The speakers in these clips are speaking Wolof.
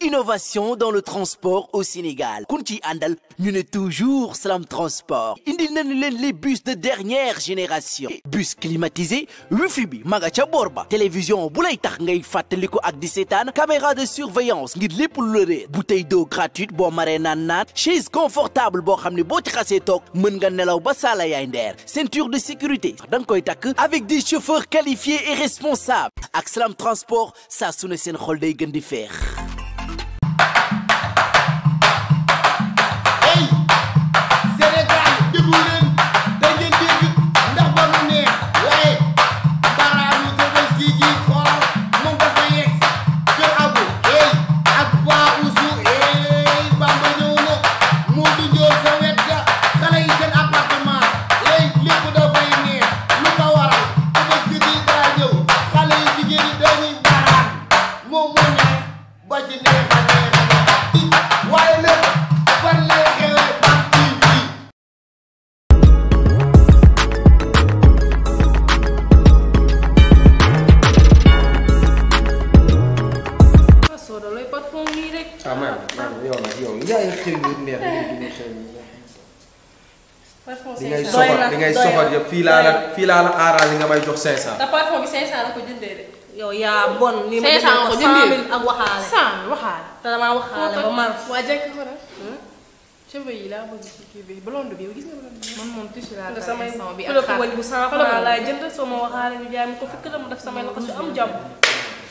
innovation dans le transport au Sénégal kun ci àndal ñu ne toujours Salam Transport indi nañu leen les bus de dernière génération bus climatisé fi bi ma nga ca boor ba télévision bu lay tax ngay fàttaliku ak di seetaan caméra de surveillance ngir lépp lu la réer bouteille d'eau gratuite boo maree naan naan chaise confortable boo xam ne boo ci xasee toog mën nga nelaw ba saala yaay ndeer ceinture de sécurité da nga koy takk avec des chauffeurs qualifiés et responsables ak Salam Transport saa su ne seen xol day gën di feex parfum 500 li ngay soxal li ngay soxal yëpp fii laa la fii laa la aaraal li nga may jox 500. te parfum bi 500 la ko jëndee de. yow yaa bon li ma jëndee ko 100000 ak waxaale 100 ba mar. waa jekk hmm? bi blonde bi gis nga blonde bi. man moom tissu laa tax bi ak waxaale ñu jaay ma ko fukk la mu def samay loxo su am jàmm.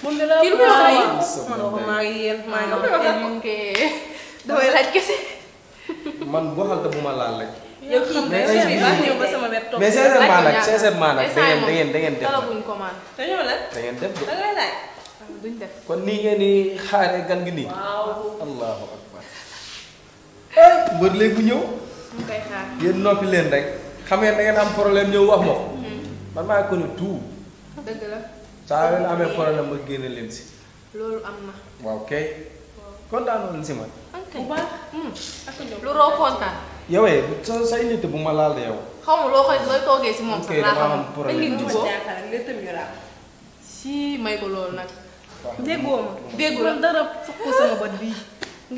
moom lu muy wax ak yéen man waxumaa ak yéen maa ngi laaj kese. man waxal te bu ma laal rek. yow kii mais ñëw ba sama wet toog mais sincèrement nag sincèrement nag da ngeen da ngeen def da ngeen def duñ def kon nii ngeen di xaaree gan gi nii. waaw allahu akbar. Eh, mbër léegi ñëw. mu koy xaar noppi leen rek. xam ngeen da ngeen am problème ñëw wax ma ko. Mm-hmm. man maa ko ni tout. dëgg la. saa leen amee problème ma génne leen si. loolu am na. waaw kay. kon na si man. bu baax hmm. ak lu roo kontaan. yow eh, sa say nit bu ma laal de yow. xaw ma loo koy looy toogee si moom sax laa xam dañuy jubóo si may ko loolu nag. déggoo ma déggoo ma dara fukk sama bët bii.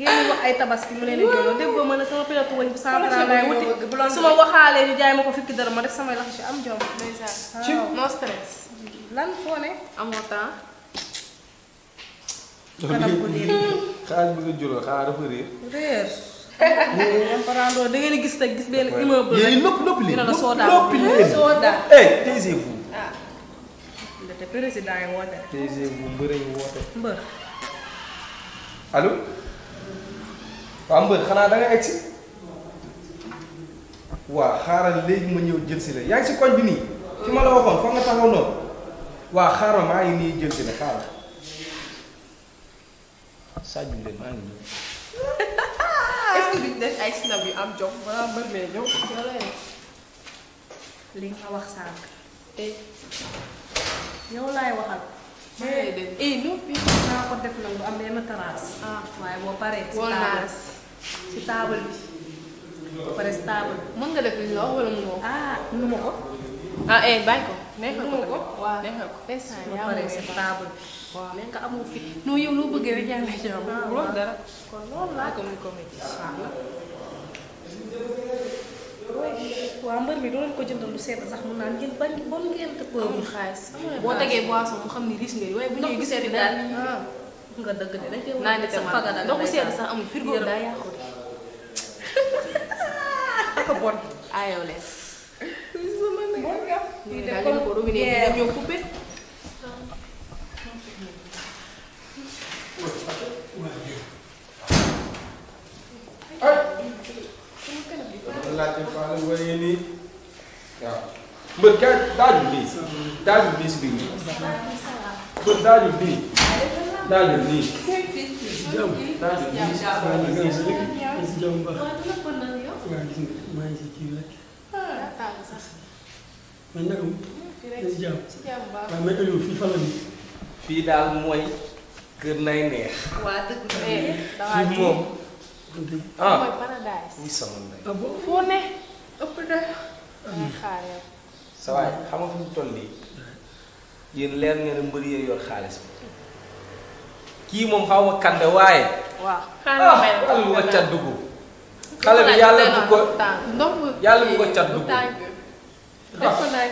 ngeen wax ay tabaski mu leen di jëloon déggoo ma ne sama pilote wañ bu cent franc laay wuti su ma waxaalee ñu jaay ma ko fukki dara ma def samay lax si am jom. ci no stress. lan foo ne. amoo temps. xaalis bi nga jural xaaral dafa réer. réer. da ngeen di gis nag gis benn immeuble. yéen noppi noppi leen noppi leen soodaa eh taisez-vous. ah te président yi woote. taisez-vous mbër yi woote. mbër. allo. waaw mbër xanaa da nga egg si. waa xaaral léegi ma ñëw jël si la yaa ngi si koñ bi nii. fi ma la waxoon fa nga taxaw noonu. waa xaaral maa ngi nii jël si la xaaral. sàjju leen maa def ay snap yu am jox balaa mbër mee ñëw. li nga wax sànq. eh. yow laay waxal. maa eh, lay def eh noppi. naa def nag bu am benn terrasse. ah waaye boo pare ci taabal ci taabal bi. ba pare ci taabal. mën nga def li nga ma ah, ko. ah eh bàyyi ko. neexal ko ko waaw neexal ko. instant yaa loo bëggee rek yaa ngi lay ko waa mbër doo doon ko jëndal lu seet sax mun naan ngeen bañ bon ngeen te amul xaalis. boo tegee boisson mu xam ni risque nga waaye bu ñuy gisee di daal ah. nga dëgg de naa ne sax faga daal ndoxu seet sax amul frigo daa yàqu de. ayoo lees. rek am. lii de ko robinet bi ñëw coupé. mbër kaay daajul nii daajul nii si biir nii mbër daajul nii daajul nii jàmm daajul nii daajul nii si biir jàmm baax maa ngi si kii rek man nag fii daal mooy gën nay neex. waa dëgg la eh, fii moom. ah mooy paradise. muy ah ah. sa waay xam nga fi mu toll nii yéen leer ngeen ne mbëri xaalis bi kii moom xaw ma kande waaye. waaw ah, xaaral ma yàlla dugg xale bi yàlla bu ko yàlla bu ko cat dugg. def ko naaj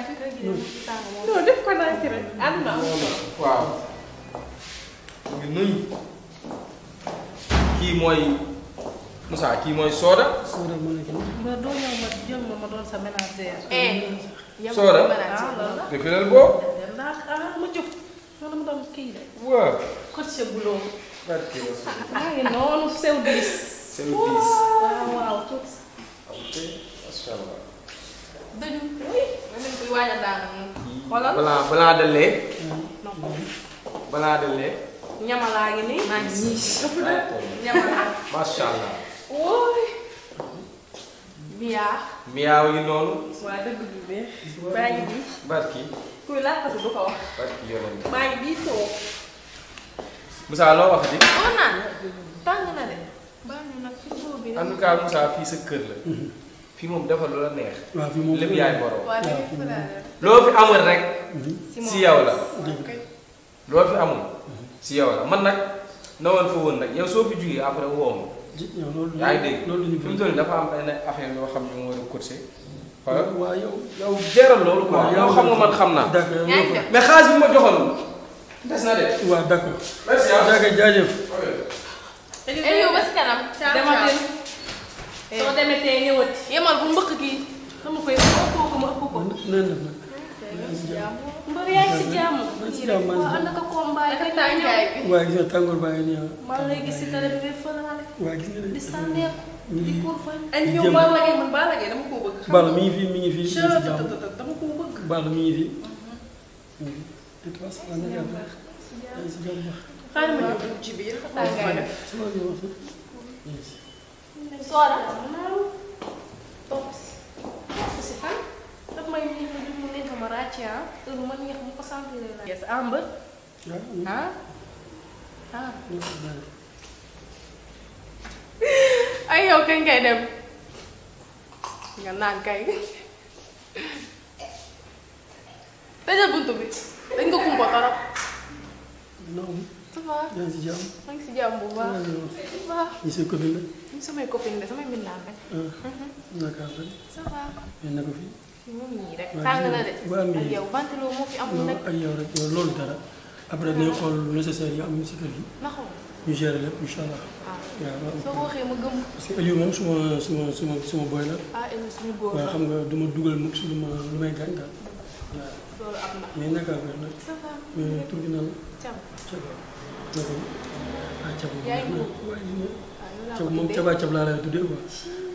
non def ko naaj rek ànd na waaw ngi nuyu kii mooy Moussa kii mooy Soda. Soda moo la ma jël ma ma doon sa ménagère. Eh, Soda ah, defe naa boo. Ah, ma jóg ma loolu. ay noonu sew diis. sew diis waaw waaw. ok macha allah. dëgg oui. même kuy waaj a daanu. xoolal balaa balaa dalee. balaa dalee. ñamalaa ngi nii. maa ngi nii ñamalaa. macha allah. miyaa. miyaa wu ñu noonu. waa dëgg bi bee. maa ngi nii. barki. kuy laajte du ko wax. barki yoroon na. maa ngi loo wax di. on naan tàng na de. baax na nag ci góor fii sa kër la. fii moom dafa lu la neex. waaw yaay borom. loo fi amul rek. Mhm. si yow la. loo fi amul mhm. si yow la man nag na wan fa woon nag yow soo fi jugee après woo ma. yaa ngi dégg loolu fi mu dafa am benn affaire yoo xam ne moo war a courser. waaw loolu quoi yow xam nga man xam naa. mais xaalis bi ma joxoon des na de. waaw d'accord. merci jaajëf. Eh. soo demee tey ñëwati yemal bu mbëkk gi dama koy ëppoo ko ma ëpp ko. nan la ma. mbër yaay si jàmm. si jàmm waaw ànd ko combat ak tàngaay bi. waaye gis nga tàngoor baa ngi ñëw. Ah. maa ngi lay gis si télé bi fëlaale. waaye gis nga di sànneeku. di ko fa. ak ñëw Balla Gaye man Balla Gaye dama ko bëgg. Balla mi ngi fi mi ngi fi. si jàmm dama ko bëgg. Balla mi ngi fi. de trois cent vingt quatre. si jàmm xaaral ma ñëw ci biir tàngaay bi. Dora naaw topp si topp si fan daf may neex ma jum mu neex ma ràcce ah heure bu yes Ambe. ah ah. ay yow kay dem nga naan kay tëjal buntu bi dañ ko kumpa ça samay copine la samay mbindaan ah. mhm. rek. naka na ak yow rek loolu dara. après dañuy xool lu nécessaire yi am si ñu gérer lépp allah. Ah. waaw soo ko waxee ma gëm. parce que moom suma suma suma suma boy la. ah suñu boy la waaw xam nga du ma dugal mukk si lu ma lu may gàncax waaw. loolu am na. mais naka nga def. ça va mais tur bi la. Thiam Thiam naka ah, ah yow moom Thiaba Thiam nga léegi.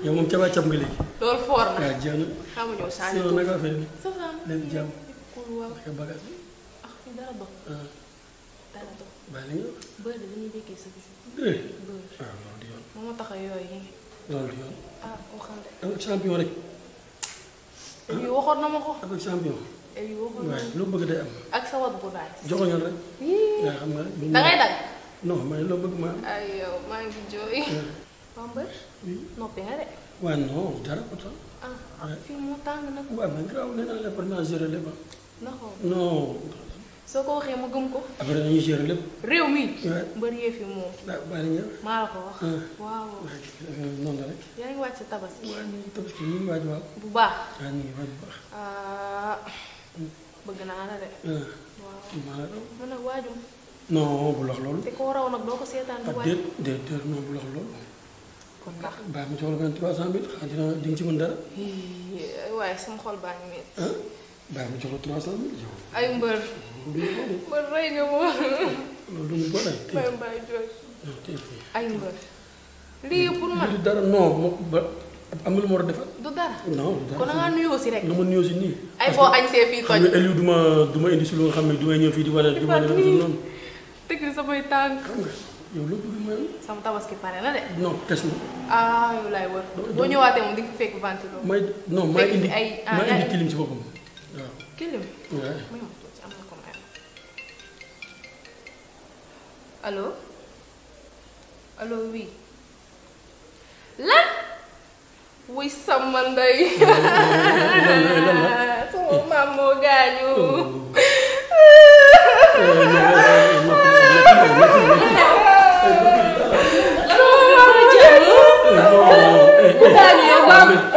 loolu foor ah, na waaw jéem a. xamuñu saa ñu naka affaire ah, bëri dañuy déggee sa bés. bëri waaw loolu di yoon. moo tax loolu di yoon. champion rek. yu waxoon na ma ko. ak loo bëgg day am. ak sa wat bu naaj. joxoñal rek. nga xam nga. da ngay dagg. non man loo bëgg ma. ay maa ngi jooy. Bambal. noppi nga de. waaw non dara pourtant. ah, ah fii mu tàng nag. waaw man garaaw nee naa la par naa gérer non. soo ko waxee ma gëm ko. après dañuy gérer lépp. réew mi. mbër yee fi moom. ko wax. waaw euh, noonu la rek. yaa ngi wàcc bu baax. waaw ñu ngi waaj bu baax. Ah. bëgg naa la de. waaw man nag waajum. non bu lox loolu. te koo raw nag doo ko seetaan bu ah, waaj. déet déet non ndax baax dina di ci mën dara. waaye sama xol baa ngi bàyyi ma jox la trois cent mille ay mbër. mbër rey lii pour man du dara non ba am na lu ma war a du dara non du dara kon da ngaa si rek. na ma nuyoo si nii. ay boo añ see fii toj. du ma du lu nga xam ne du may ñëw fii di wane. di wane noonu. tëgg samay tànk. xam nga yow loo bëgg mooy. sama boo ñëwaatee moom may non may indi may indi kilim si boppam. waaw kilim muy wax tuuti am na ko may allo allo oui lan wuy sama ndey sama maam moo gaañu sama maam moo gaañu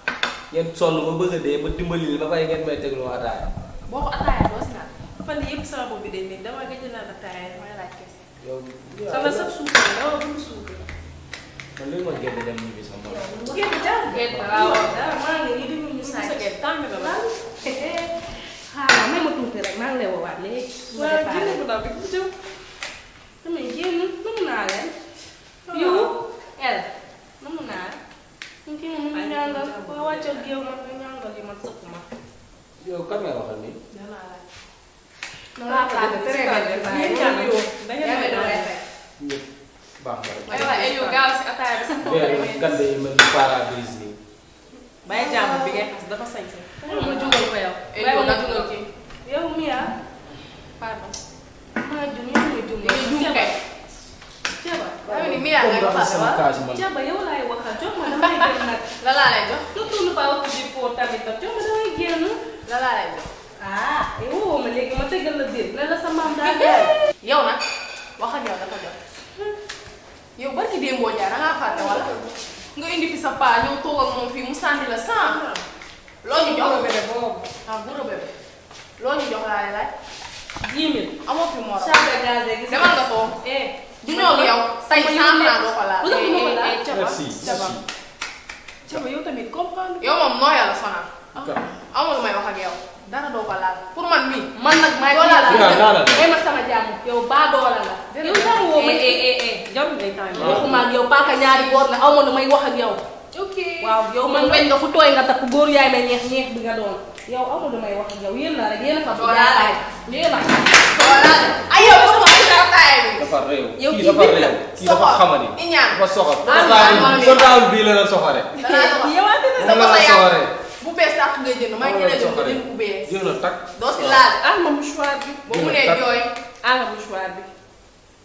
ngeen sonn ba bëgg a dee ba dimbali ba pare ngeen may teglu ma ataaya. boo ko ataaya doo si naan fan yëpp sama bopp bi day mel dama gëj naan ataaya damay laaj kese. yow sama sëb suuf la dama bëgg suuf la. man li ma génn dem ñu bi sama bopp. génn jaar génn waaw dara maa ngi nii dem ñu saa génn tàmmi la laal. xaaral may ma tuuti rek maa ngi lay woowaat léegi. waaw génn bu ndaw bi tuuti. damay génn paradis nii. bàyyi jàmm bi ngay xas dafa sañ si. ma jugal ko yow. yow ma jugal ki yow Mia. pardon. maa jum yow ma jum. yow jum kay. Thiaba. waaw ni Mia ngay wax Thiaba yow laay waxal jox ma damay génn nag. la laa lay jox. surtout lu ba wax ci pour tamit jox ma damay génn. la laa lay jox. ah woo ma léegi ma tëggal la biir ne la sa maam daal yaay. yow nag waxal yow dafa jox. yow bari démboo jaar da ngaa fàtte wala. nga indi sa paa ñëw toog ak moom mu sànni la sans. loo ñu jox góor bébé boobu. ah góor bébé loo ñu jox laa laaj. 10 000 amoo fi moo demal nga toog. Eh. du ñoo ak yow. say cent franc doo ko laal. Eh, eh, merci merci yow tamit comprendre. yow moom noo yàlla sonal. Ah. amul may wax ak dara doo ko laal pour man mii. man nag maa ngi laal may ma sama jàmm yow baa doola la. yow dara woo ma eh, eh, eh, jarul ngay tànn. waxuma ak yow paaka ñaari boor la aw ma nu may wax ak yow. ok waaw yow man weñ nga fu tooy nga takk góor yaay na ñeex ñeex bi nga doon. yow aw ma nu may wax ak yow yéen la rek yéen a fa. doola la yéen a fa doola la. ay yow mosuma si la taay bi. dafa réew yow kii dafa réew kii dafa xamadi. i ñaan dafa soxor. bii la la soxore. danaa soxor yow bu bees sax ngay jënd maa ngi leen di jënd bu bees. jënd takk doo si laal alma ah, mouchoir mu nee jooy alma ah, mouchoir bi.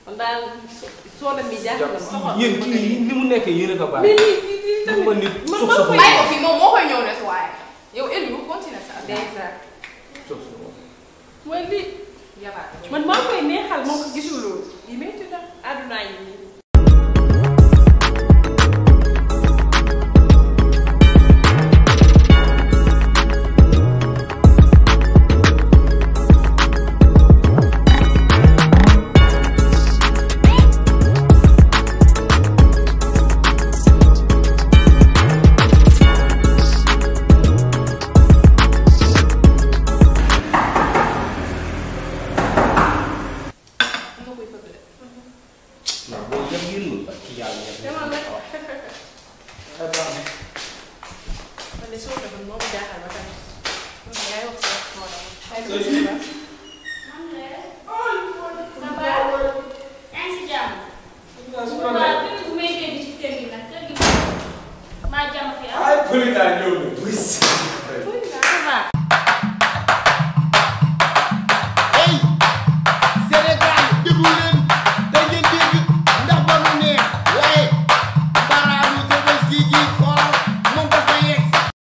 kon daal soo dem bi jaaxle a ko baax. koy bàyyi ko fii moom moo koy ñëw rek waaye. yow man maa koy neexal moo ko gisul loolu. yi métti na àdduna yi. Merci.